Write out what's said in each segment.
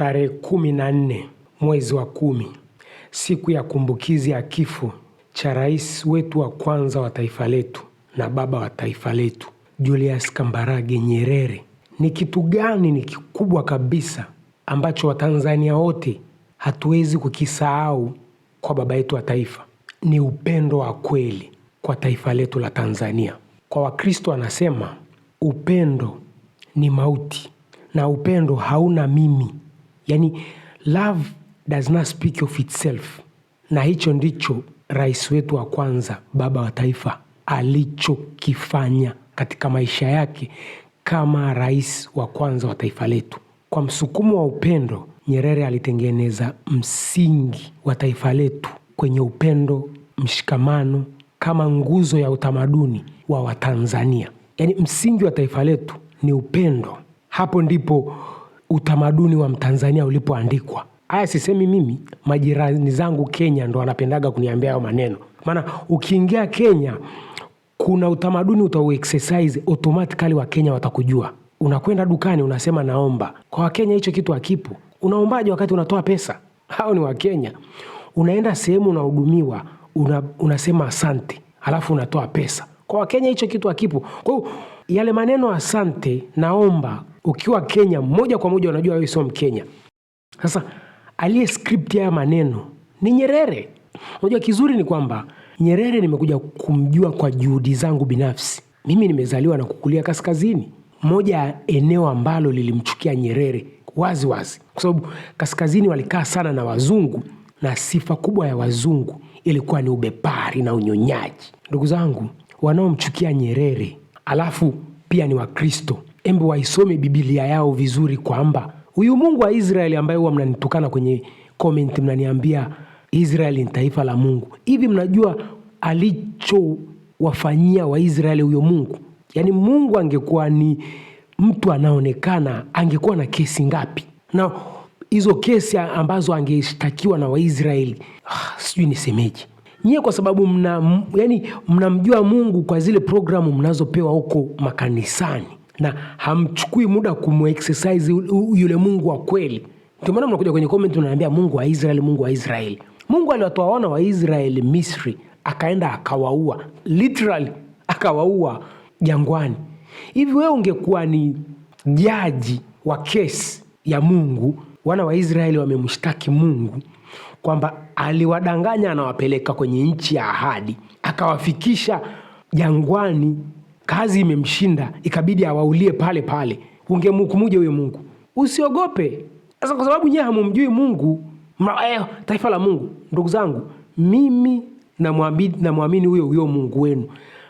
tarehe kumi na nne mwezi wa kumi, siku ya kumbukizi ya kifo cha rais wetu wa kwanza wa taifa letu na baba wa taifa letu Julius Kambarage Nyerere, ni kitu gani ni kikubwa kabisa ambacho Watanzania wote hatuwezi kukisahau kwa baba yetu wa taifa? Ni upendo wa kweli kwa taifa letu la Tanzania. Kwa Wakristo anasema upendo ni mauti na upendo hauna mimi yani love does not speak of itself, na hicho ndicho rais wetu wa kwanza, baba wa taifa alichokifanya katika maisha yake kama rais wa kwanza wa taifa letu. Kwa msukumo wa upendo, Nyerere alitengeneza msingi wa taifa letu kwenye upendo, mshikamano kama nguzo ya utamaduni wa Watanzania. Yaani msingi wa taifa letu ni upendo. Hapo ndipo utamaduni wa Mtanzania ulipoandikwa. Haya sisemi mimi, majirani zangu Kenya ndo wanapendaga kuniambia hayo maneno, maana ukiingia Kenya kuna utamaduni utau exercise wa Wakenya watakujua. Unakwenda dukani unasema naomba. Kwa Wakenya hicho kitu hakipo. Unaombaje wakati unatoa pesa? Hao ni Wakenya. Unaenda sehemu unahudumiwa, una, unasema asante, alafu unatoa pesa. Kwa Wakenya hicho kitu hakipo. Kwa hiyo yale maneno asante, naomba, ukiwa Kenya moja kwa moja unajua wewe sio Mkenya. Sasa aliye script haya maneno ni Nyerere. Unajua kizuri ni kwamba Nyerere nimekuja kumjua kwa juhudi zangu binafsi. Mimi nimezaliwa na kukulia kaskazini, moja ya eneo ambalo lilimchukia Nyerere wazi wazi, kwa sababu kaskazini walikaa sana na wazungu, na sifa kubwa ya wazungu ilikuwa ni ubepari na unyonyaji. Ndugu zangu, wanaomchukia Nyerere alafu pia ni Wakristo. Embe waisome Biblia yao vizuri, kwamba huyu Mungu wa Israeli ambaye huwa mnanitukana kwenye comment, mnaniambia Israeli ni taifa la Mungu. Hivi mnajua alichowafanyia Waisraeli huyo Mungu? Yaani Mungu angekuwa ni mtu anaonekana, angekuwa na kesi ngapi? Na hizo kesi ambazo angeshtakiwa na Waisraeli, ah, sijui nisemeje nyie kwa sababu mna, yani, mnamjua Mungu kwa zile programu mnazopewa huko makanisani na hamchukui muda kumexercise yule Mungu wa kweli. Ndio maana mnakuja kwenye comment mnaambia Mungu wa Israeli, Mungu wa Israeli. Mungu aliwatoa wana wa Israeli Misri, akaenda akawaua, literally akawaua jangwani. Hivi wewe ungekuwa ni jaji wa kesi ya Mungu, wana wa Israeli wamemshtaki Mungu kwamba aliwadanganya anawapeleka kwenye nchi ya ahadi, akawafikisha jangwani, kazi imemshinda, ikabidi awaulie pale pale. Ungemhukumuje huyo Mungu? Usiogope sasa, kwa sababu nyewe hamumjui Mungu eh, taifa la Mungu. Ndugu zangu, mimi namwamini huyo huyo Mungu wenu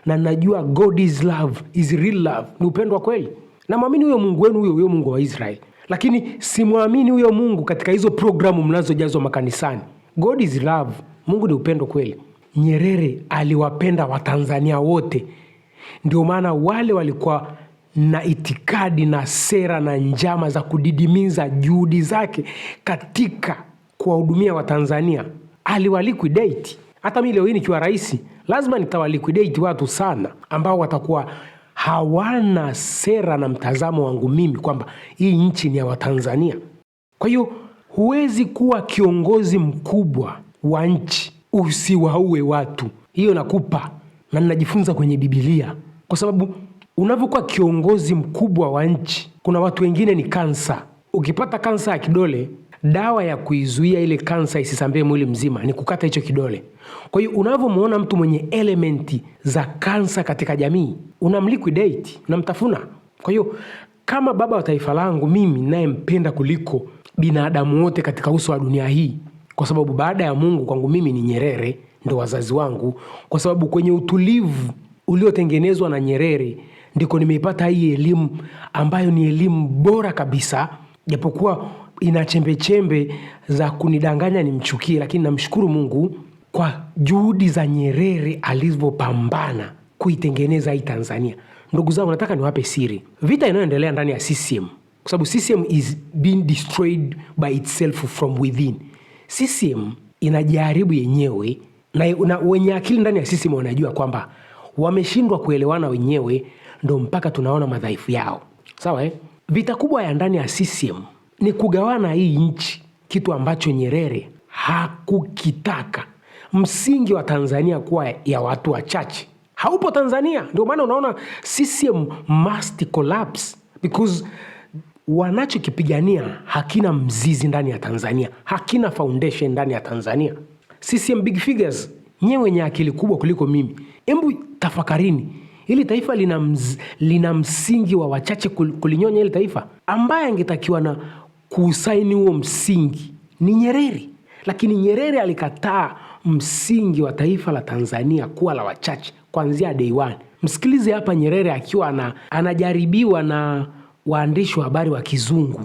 na najua God is love, is real love, ni upendo kweli. Namwamini huyo Mungu wenu, huyo huyo Mungu wa Israeli lakini simwamini huyo Mungu katika hizo programu mnazojazwa makanisani. God is love, Mungu ni upendo kweli. Nyerere aliwapenda Watanzania wote, ndio maana wale walikuwa na itikadi na sera na njama za kudidimiza juhudi zake katika kuwahudumia Watanzania aliwaliquidate. Hata mi leo hii nikiwa rahisi lazima nitawaliquidate watu sana ambao watakuwa hawana sera na mtazamo wangu mimi kwamba hii nchi ni ya Watanzania. Kwa hiyo huwezi kuwa kiongozi mkubwa wa nchi usiwaue watu, hiyo nakupa na ninajifunza kwenye bibilia kwa sababu unavyokuwa kiongozi mkubwa wa nchi, kuna watu wengine ni kansa. Ukipata kansa ya kidole dawa ya kuizuia ile kansa isisambie mwili mzima ni kukata hicho kidole. Kwa hiyo unavyomwona mtu mwenye elementi za kansa katika jamii, unamliquidate, unamtafuna. Kwa hiyo kama baba wa taifa langu, mimi nayempenda kuliko binadamu wote katika uso wa dunia hii, kwa sababu baada ya Mungu kwangu mimi ni Nyerere, ndo wazazi wangu, kwa sababu kwenye utulivu uliotengenezwa na Nyerere ndiko nimeipata hii elimu ambayo ni elimu bora kabisa, japokuwa ina chembechembe za kunidanganya nimchukie, lakini namshukuru Mungu kwa juhudi za Nyerere alivyopambana kuitengeneza hii Tanzania. Ndugu zangu, nataka niwape siri, vita inayoendelea ndani ya CCM, kwa sababu CCM is being destroyed by itself from within. CCM inajaribu yenyewe na, na wenye akili ndani ya CCM wanajua kwamba wameshindwa kuelewana wenyewe, ndo mpaka tunaona madhaifu yao. Sawa eh? Vita kubwa ya ndani ya CCM ni kugawana hii nchi, kitu ambacho Nyerere hakukitaka. Msingi wa Tanzania kuwa ya watu wachache haupo Tanzania. Ndio maana unaona CCM must collapse because wanachokipigania hakina mzizi ndani ya Tanzania, hakina foundation ndani ya Tanzania. CCM big figures, nyewe wenye akili kubwa kuliko mimi, hebu tafakarini hili taifa lina, mz, lina msingi wa wachache kulinyonya hili taifa, ambaye angetakiwa na kuusaini huo msingi ni Nyerere, lakini Nyerere alikataa msingi wa taifa la Tanzania kuwa la wachache kuanzia day one. Msikilize hapa Nyerere akiwa ana, anajaribiwa na waandishi wa habari wa kizungu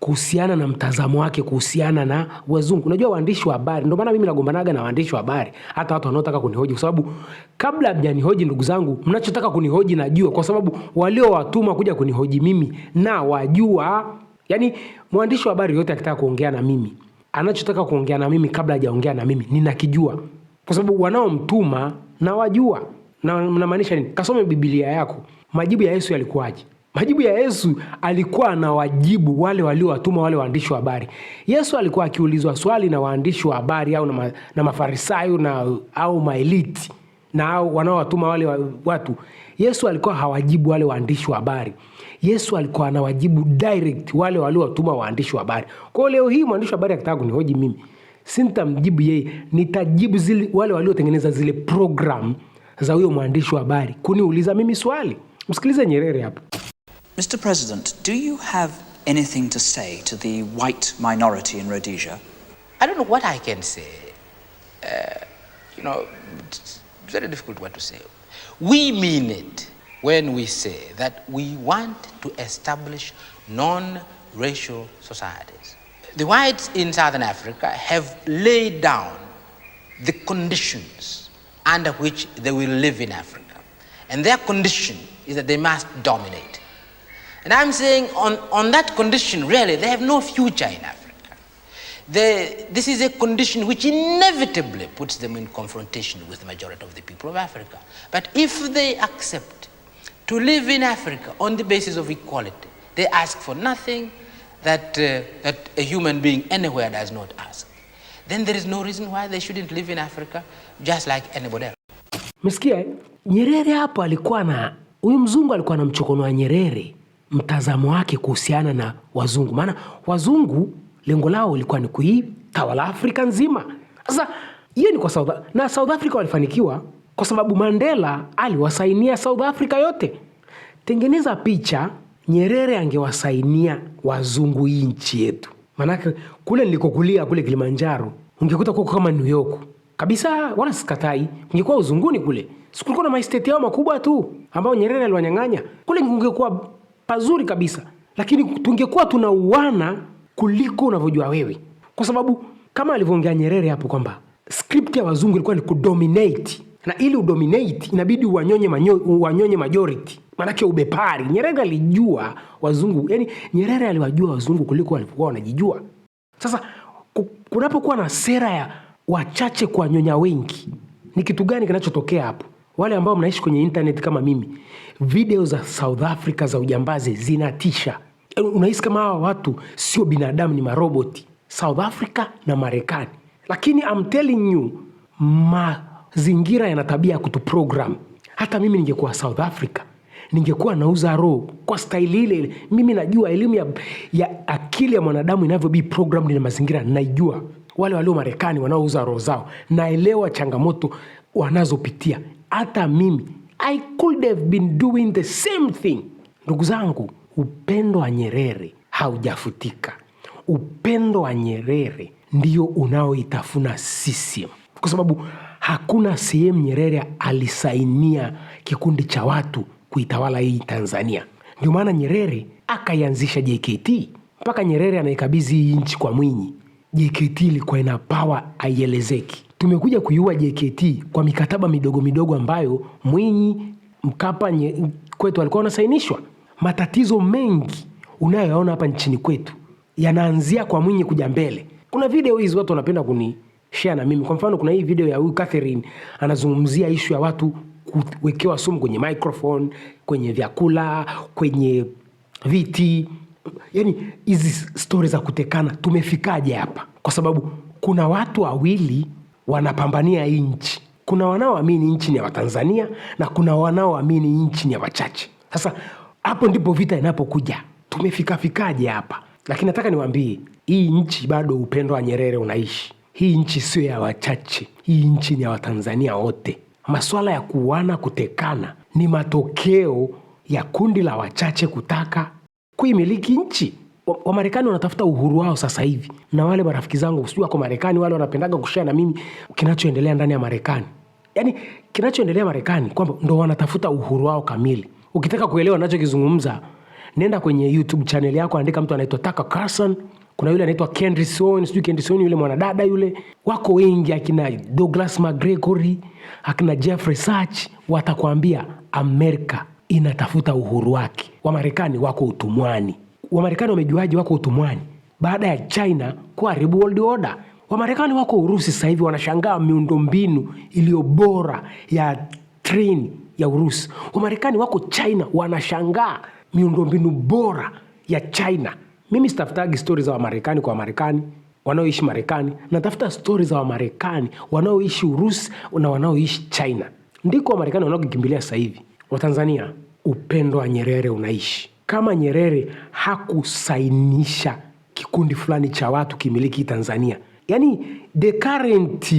kuhusiana na mtazamo wake kuhusiana na wazungu. Unajua waandishi wa habari, ndio maana mimi nagombanaga na waandishi wa habari, hata watu wanaotaka kunihoji, kwa sababu kabla hamjanihoji, ndugu zangu, mnachotaka kunihoji najua, kwa sababu waliowatuma kuja kunihoji mimi na wajua. Yaani mwandishi wa habari yote akitaka kuongea na mimi, anachotaka kuongea na mimi kabla hajaongea na mimi ninakijua, kwa sababu wanaomtuma nawajua. Na mnamaanisha nini? Kasome Biblia yako, majibu ya Yesu yalikuwaje? Majibu ya Yesu alikuwa anawajibu wale waliowatuma wale waandishi wa habari. Yesu alikuwa akiulizwa swali na waandishi wa habari au na, ma, na Mafarisayo na, au maeliti na wanaowatuma wale watu. Yesu alikuwa hawajibu wale waandishi wa habari. Yesu alikuwa anawajibu direct wale waliowatuma waandishi wa habari. Kwa hiyo leo hii mwandishi wa habari akitaka kunihoji mimi, sintamjibu yeye, nitajibu zile wale waliotengeneza zile program za huyo mwandishi wa habari kuniuliza mimi swali. Msikilize Nyerere hapa. Mr. President, do you have anything to say to the white minority in Rhodesia? I don't know what I can say. Uh, you know, very difficult word to say. We mean it when we say that we want to establish non racial societies. The whites in southern Africa have laid down the conditions under which they will live in Africa. And their condition is that they must dominate. And I'm saying on, on that condition, really, they have no future in Africa. the, this is a condition which inevitably puts them in confrontation with the majority of the people of Africa. But if they accept to live in Africa on the basis of equality, they ask for nothing that, uh, that a human being anywhere does not ask, then there is no reason why they shouldn't live in Africa just like anybody else. Mesikia Nyerere hapo alikuwa na huyu mzungu alikuwa na mchokono wa Nyerere mtazamo wake kuhusiana na wazungu, maana wazungu lengo lao ilikuwa ni kuitawala Afrika nzima. Sasa hiyo ni kwa South na South Africa walifanikiwa kwa sababu Mandela aliwasainia South Africa yote. Tengeneza picha, Nyerere angewasainia wazungu hii nchi yetu, maanake kule nilikokulia kule Kilimanjaro ungekuta kuko kama New York kabisa, wala sikatai, ungekuwa uzunguni kule, sikulikuwa na maesteti yao makubwa tu ambayo Nyerere aliwanyang'anya kule, ungekuwa pazuri kabisa, lakini tungekuwa tuna uwana kuliko unavyojua wewe, kwa sababu kama alivyoongea Nyerere hapo kwamba skripti ya wazungu ilikuwa ni kudominate, na ili udominate inabidi uwanyonye, manyo, uwanyonye majority, maanake ubepari. Nyerere alijua wazungu, yani Nyerere aliwajua wazungu kuliko walivyokuwa wanajijua. Sasa kunapokuwa na sera ya wachache kuwanyonya wengi, ni kitu gani kinachotokea hapo? Wale ambao mnaishi kwenye internet kama mimi, video za South Africa za ujambazi zinatisha. Eh, unahisi kama hawa watu sio binadamu, ni maroboti South Africa na Marekani. Lakini I'm telling you, mazingira yana tabia ya kutuprogram. Hata mimi ningekuwa South Africa ningekuwa nauza roho kwa staili ile ile. Mimi najua elimu ya, ya akili ya mwanadamu be programmed na mazingira naijua. Wale walio Marekani wanaouza roho zao, naelewa changamoto wanazopitia. Hata mimi I could have been doing the same thing, ndugu zangu. Upendo wa Nyerere haujafutika. Upendo wa Nyerere ndio unaoitafuna sisi, kwa sababu hakuna sehemu Nyerere alisainia kikundi cha watu kuitawala hii Tanzania. Ndio maana Nyerere akaianzisha JKT mpaka Nyerere anaikabidhi hii nchi kwa Mwinyi. JKT ilikuwa ina pawa aielezeki. Tumekuja kuiua JKT kwa mikataba midogo midogo ambayo Mwinyi, Mkapa nye, kwetu alikuwa anasainishwa matatizo mengi unayoyaona hapa nchini kwetu yanaanzia kwa Mwinyi kuja mbele. Kuna video hizi watu wanapenda kunishea na mimi. Kwa mfano, kuna hii video ya huyu Catherine anazungumzia ishu ya watu kuwekewa sumu kwenye microphone, kwenye vyakula, kwenye viti. yani hizi stori za kutekana, tumefikaje hapa? Kwa sababu kuna watu wawili wanapambania hii nchi. Kuna wanaoamini nchi ni ya Watanzania na kuna wanaoamini nchi ni ya wachache. Sasa hapo ndipo vita inapokuja. Tumefikafikaje hapa? Lakini nataka niwambie hii nchi bado upendo wa Nyerere unaishi. Hii nchi sio ya wachache, hii nchi ni ya Watanzania wote. Masuala ya kuana kutekana ni matokeo ya kundi la wachache kutaka kuimiliki nchi. Wamarekani wanatafuta uhuru wao sasa hivi, na wale marafiki zangu sijui wako Marekani, wale wanapendaga kushea na mimi kinachoendelea ndani ya Marekani, yaani kinachoendelea Marekani, kwamba ndo wanatafuta uhuru wao kamili. Ukitaka kuelewa nachokizungumza nenda kwenye YouTube channel yako, andika mtu anaitwa taka carson kuna yule anaitwa Candace sijui yule mwanadada yule, wako wengi akina Douglas McGregory, akina Jeffrey sach watakwambia Amerika inatafuta uhuru wake. Wamarekani wako utumwani. Wamarekani wamejuaje wako utumwani? Baada ya China kuharibu world order, Wamarekani wako Urusi sasa hivi wanashangaa miundombinu iliyo bora ya treni ya Urusi. Wamarekani wako China wanashangaa miundombinu bora ya China. Mimi sitafutagi stori za Wamarekani kwa Wamarekani wanaoishi Marekani, natafuta stori za Wamarekani wanaoishi Urusi na wanaoishi China. Ndiko Wamarekani wanaokikimbilia sasa hivi. Watanzania, upendo wa Nyerere unaishi. Kama Nyerere hakusainisha kikundi fulani cha watu kimiliki Tanzania, yaani the current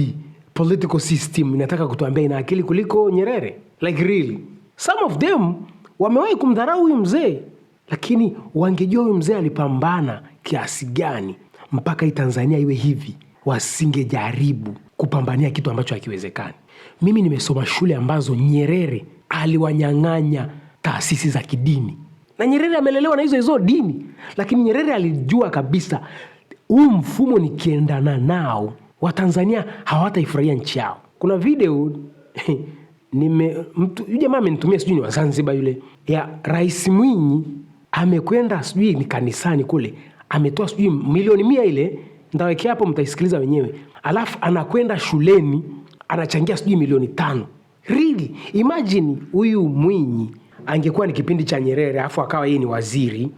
political system inataka kutuambia ina akili kuliko Nyerere like really. Some of them wamewahi kumdharau huyu mzee, lakini wangejua huyu mzee alipambana kiasi gani mpaka hii Tanzania iwe hivi, wasingejaribu kupambania kitu ambacho hakiwezekani. Mimi nimesoma shule ambazo Nyerere aliwanyang'anya taasisi za kidini, na Nyerere amelelewa na hizo hizo dini, lakini Nyerere alijua kabisa huu mfumo nikiendana nao Watanzania hawataifurahia nchi yao. Kuna video nime mtu yule jamaa amenitumia sijui ni wa Zanzibar yule ya Rais Mwinyi amekwenda sijui ni kanisani kule ametoa sijui milioni mia ile ndawekea hapo mtaisikiliza wenyewe alafu anakwenda shuleni anachangia sijui milioni tano really imagine huyu Mwinyi angekuwa ni kipindi cha Nyerere alafu akawa yeye ni waziri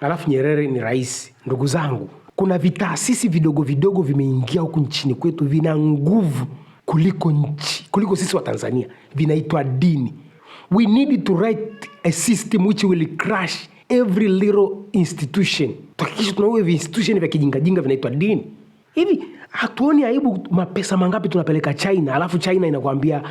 alafu Nyerere ni rais ndugu zangu kuna vitaasisi vidogo vidogo vimeingia huku nchini kwetu vina nguvu kuliko nchi, kuliko sisi wa Tanzania, vinaitwa dini. We need to write a system which will crush every little institution. Tuhakikishe tunaua hivi institution vya kijingajinga vinaitwa dini. Hivi hatuoni aibu? Mapesa mangapi tunapeleka China, alafu China inakwambia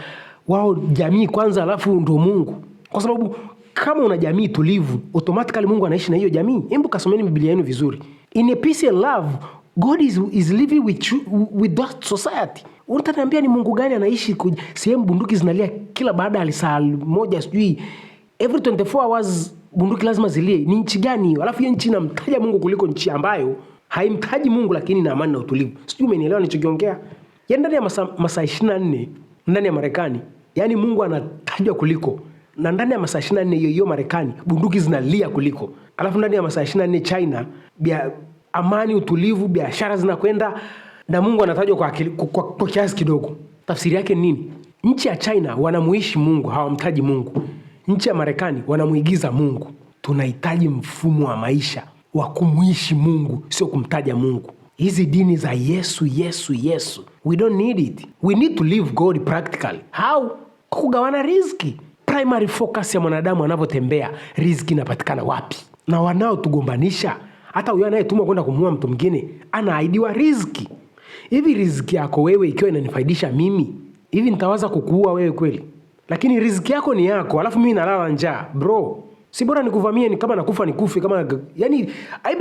wao jamii kwanza, alafu ndo Mungu, kwa sababu kama una jamii tulivu, automatically Mungu anaishi na hiyo jamii. Hebu kasomeni Biblia yenu vizuri. In a peace and love, God is, is living with, you, with that society Utaniambia ni Mungu gani anaishi sehemu bunduki zinalia kila baada ya saa moja sijui every 24 hours bunduki lazima zilie? Ni nchi gani hiyo? Alafu hiyo nchi inamtaja Mungu kuliko nchi ambayo haimtaji Mungu lakini ina amani na utulivu. Sijui umenielewa nichokiongea Yaani ndani ya masaa masaa 24 ndani ya Marekani, yaani Mungu anatajwa kuliko na ndani ya masaa 24 nne hiyo Marekani bunduki zinalia kuliko. Alafu ndani ya masaa nne China bia, amani, utulivu, biashara zinakwenda na Mungu anatajwa kwa, kwa, kwa kiasi kidogo. Tafsiri yake nini? Nchi ya China wanamuishi Mungu, hawamtaji Mungu. Nchi ya Marekani wanamuigiza Mungu. Tunahitaji mfumo wa maisha wa kumuishi Mungu, sio kumtaja Mungu. Hizi dini za Yesu Yesu Yesu, we don't need it, we need to live God practically. How? Kwa kugawana riziki. Primary focus ya mwanadamu anavyotembea, riziki inapatikana wapi? Na wanaotugombanisha, hata huyo anayetumwa kwenda kumuua mtu mwingine anaahidiwa riziki hivi riziki yako wewe ikiwa inanifaidisha mimi, hivi nitawaza kukuua wewe kweli? Lakini riziki yako ni yako, alafu mimi nalala njaa bro, si bora nikuvamie? Ni kama nakufa nikufe, kama yani I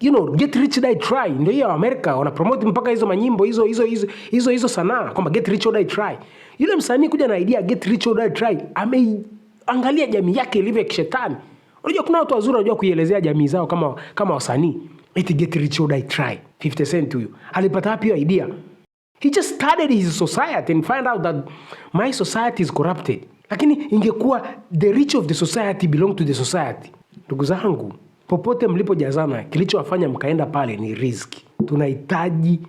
you know get rich die try. Ndio hiyo Amerika wana promote mpaka hizo manyimbo hizo hizo hizo hizo hizo sanaa kwamba get rich or die try. Yule msanii kuja na idea get rich or die try, ameangalia jamii yake ilivyo kishetani. Unajua kuna watu wazuri wanajua kuielezea jamii zao kama kama wasanii Eti get rich or die try. 50 Cent huyu alipata wapi hiyo idea? He just studied his society and find out that my society is corrupted. Lakini ingekuwa the rich of the society belong to the society. Ndugu zangu, popote mlipojazana, kilichowafanya mkaenda pale ni risk Tunahitaji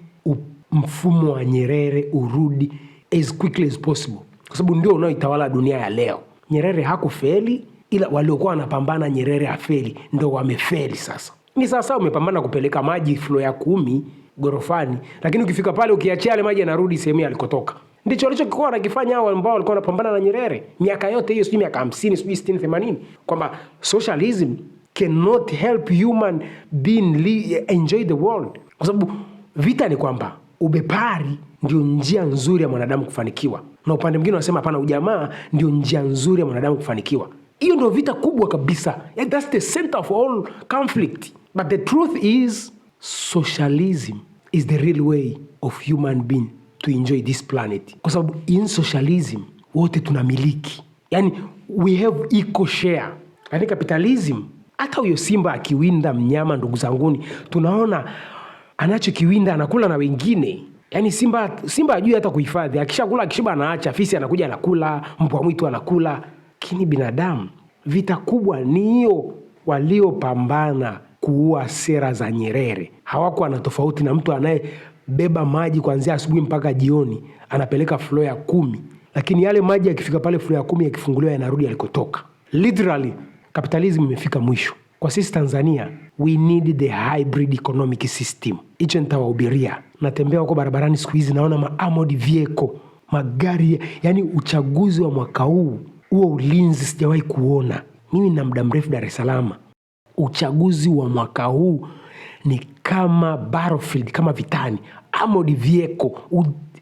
mfumo wa Nyerere urudi as quickly as possible, kwa sababu ndio unaoitawala dunia ya leo. Nyerere hakufeli, ila waliokuwa wanapambana Nyerere afeli ndo wamefeli sasa. Ni sasa umepambana kupeleka maji flo ya kumi gorofani, lakini ukifika pale ukiachia yale maji yanarudi sehemu alikotoka. Ndicho alichokuwa anakifanya hao ambao walikuwa wanapambana na Nyerere miaka yote hiyo, sijui miaka 50 sijui 60 80, kwamba socialism cannot help human being live, enjoy the world, kwa sababu vita ni kwamba ubepari ndio njia nzuri ya mwanadamu kufanikiwa, na upande mwingine wanasema hapana, ujamaa ndio njia nzuri ya mwanadamu kufanikiwa. Hiyo ndio vita kubwa kabisa, yeah, yaani, that's the center of all conflict. But the truth is socialism is the real way of human being to enjoy this planet, Because in socialism wote tunamiliki, yani we have equal share. Lakini capitalism hata huyo simba akiwinda mnyama, ndugu zanguni, tunaona anachokiwinda anakula na wengine. Yani simba simba ajui hata kuhifadhi, akishakula akishiba anaacha. Fisi anakuja anakula, mbwa mwitu anakula. Lakini binadamu, vita kubwa ni hiyo waliopambana kuua sera za Nyerere. Hawakuwa na tofauti na mtu anayebeba maji kuanzia asubuhi mpaka jioni, anapeleka flo ya kumi, lakini yale maji yakifika pale flo ya kumi yakifunguliwa yanarudi yalikotoka. Literally capitalism imefika mwisho. Kwa sisi Tanzania, we need the hybrid economic system. Hicho nitawahubiria. Natembea huko barabarani siku hizi, naona maamod vieko magari, yani uchaguzi wa mwaka huu huo ulinzi sijawahi kuona mimi. Na muda mrefu Dar es Salaam uchaguzi wa mwaka huu ni kama battlefield, kama vitani, amod vieko,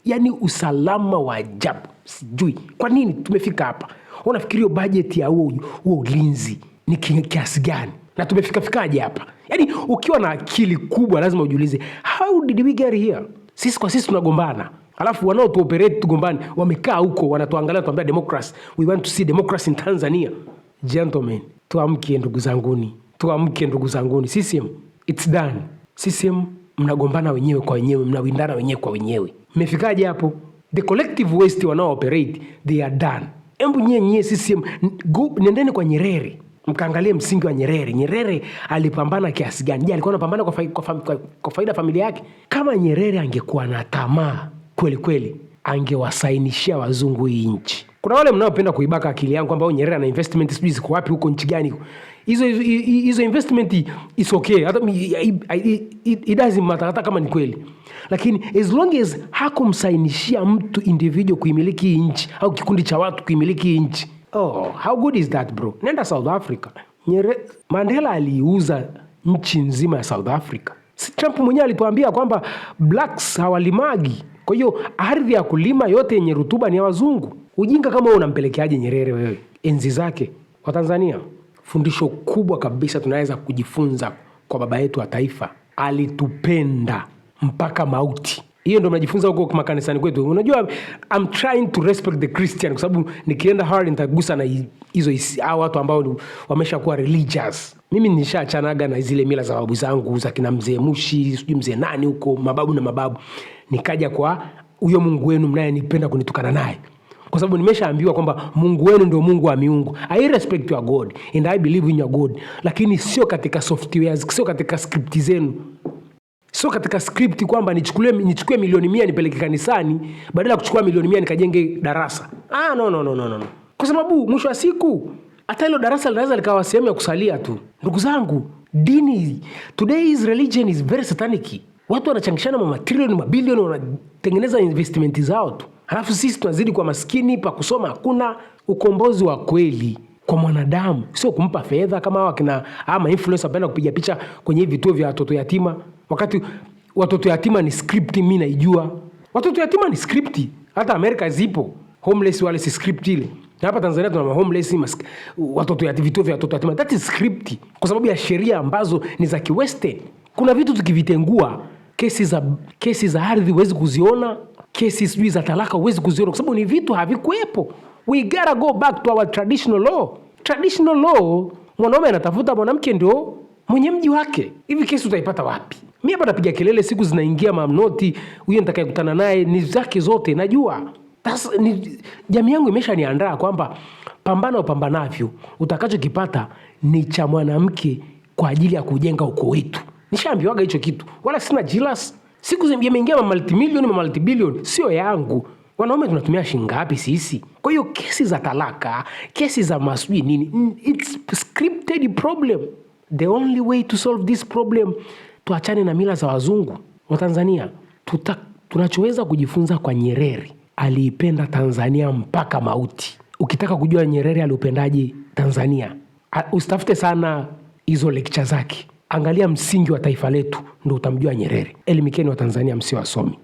yani usalama wa ajabu. Sijui kwa nini tumefika hapa. Unafikiria bajeti ya huo ulinzi ni kiasi gani? na tumefikafikaje hapa? yani ukiwa na akili kubwa lazima ujiulize how did we get here? Sisi kwa sisi tunagombana, alafu wanaotuoperate tugombani wamekaa huko wanatuangalia, tuambia democracy, we want to see democracy in Tanzania. Gentlemen, tuamkie ndugu zanguni. Tuamke ndugu zanguni, CCM it's done. CCM mnagombana wenyewe kwa wenyewe, mnawindana wenyewe kwa wenyewe. Mmefikaje hapo? The collective waste wanao operate they are done. Embu nyie nyie CCM nendeni kwa Nyerere mkaangalie msingi wa Nyerere. Nyerere alipambana kiasi gani? Je, alikuwa anapambana kwa, kwa, kwa, kwa faida familia yake? Kama Nyerere angekuwa na tamaa kweli kweli, angewasainishia wazungu hii nchi. Kuna wale mnaopenda kuibaka akili yangu kwamba oh, Nyerere ana investment sijui ziko wapi huko nchi gani hizo investment is okay, hata it doesn't matter hata kama ni kweli, lakini as long as hakumsainishia mtu individual kuimiliki nchi au kikundi cha watu kuimiliki nchi. Oh, how good is that bro? Nenda South Africa. Nyere, Mandela aliuza nchi nzima ya South Africa. Si Trump mwenyewe alituambia kwamba blacks hawalimagi, kwa hiyo ardhi ya kulima yote yenye rutuba ni ya wazungu. Ujinga kama huo unampelekeaje Nyerere wewe enzi zake kwa Tanzania? fundisho kubwa kabisa tunaweza kujifunza kwa baba yetu wa taifa, alitupenda mpaka mauti. Hiyo ndo najifunza huko makanisani kwetu. Unajua, I'm trying to respect the Christian kwa sababu nikienda Harvard nitagusa na hizo au watu ambao wameshakuwa religious. Mimi nishachanaga na zile mila za babu zangu za kina mzee Mushi, sijui mzee nani huko, mababu na mababu, nikaja kwa huyo Mungu wenu mnayenipenda kunitukana naye kwa sababu nimeshaambiwa kwamba Mungu wenu ndio Mungu wa miungu. I respect your God and I believe in your God, lakini sio katika softwares sio katika script zenu, sio katika script kwamba nichukue nichukue milioni mia nipeleke kanisani badala ya kuchukua milioni mia nikajenge darasa. Ah, no, no, no, no, no, kwa sababu mwisho wa siku hata hilo darasa linaweza likawa sehemu ya kusalia tu. Ndugu zangu, dini today's religion is very satanic. Watu wanachangishana mamatrilioni mabilioni, wanatengeneza investment zao tu. Halafu sisi tunazidi kwa maskini, pa kusoma hakuna. Ukombozi wa kweli kwa mwanadamu sio kumpa fedha kama hawa kina ama influencer wanapenda kupiga picha kwenye vituo vya watoto yatima, wakati watoto yatima ni script. Mimi naijua watoto yatima ni script, hata Amerika zipo homeless wale, si script ile. Na hapa Tanzania tuna homeless mask, watoto yatima, vituo vya watoto yatima, that is script kwa sababu ya sheria ambazo ni za kiwestern. Kuna vitu tukivitengua, kesi za kesi za ardhi huwezi kuziona kesi sijui za talaka huwezi kuziona kwa sababu ni vitu havikuwepo. We gotta go back to our traditional law. Traditional law, mwanaume anatafuta mwanamke ndio mwenye mji wake. Hivi kesi utaipata wapi? Mi hapa napiga kelele, siku zinaingia mamnoti, huyo nitakayekutana naye ni zake zote najua. jamii yangu imeshaniandaa kwamba pambana upambanavyo, utakachokipata ni cha mwanamke kwa ajili ya kujenga uko wetu. Nishaambiwaga hicho kitu, wala sina jilas Siku yameingia mamalti milioni sio yangu. Wanaume tunatumia shingapi sisi? Kwa hiyo kesi za talaka, kesi za masui nini, it's scripted problem. The only way to solve this problem, tuachane na mila za wazungu. Watanzania tuta, tunachoweza kujifunza kwa Nyerere, aliipenda Tanzania mpaka mauti. Ukitaka kujua Nyerere aliupendaje Tanzania, usitafute sana hizo lecture zake. Angalia msingi wa taifa letu, ndo utamjua Nyerere. Elimikeni wa Tanzania msio wasomi.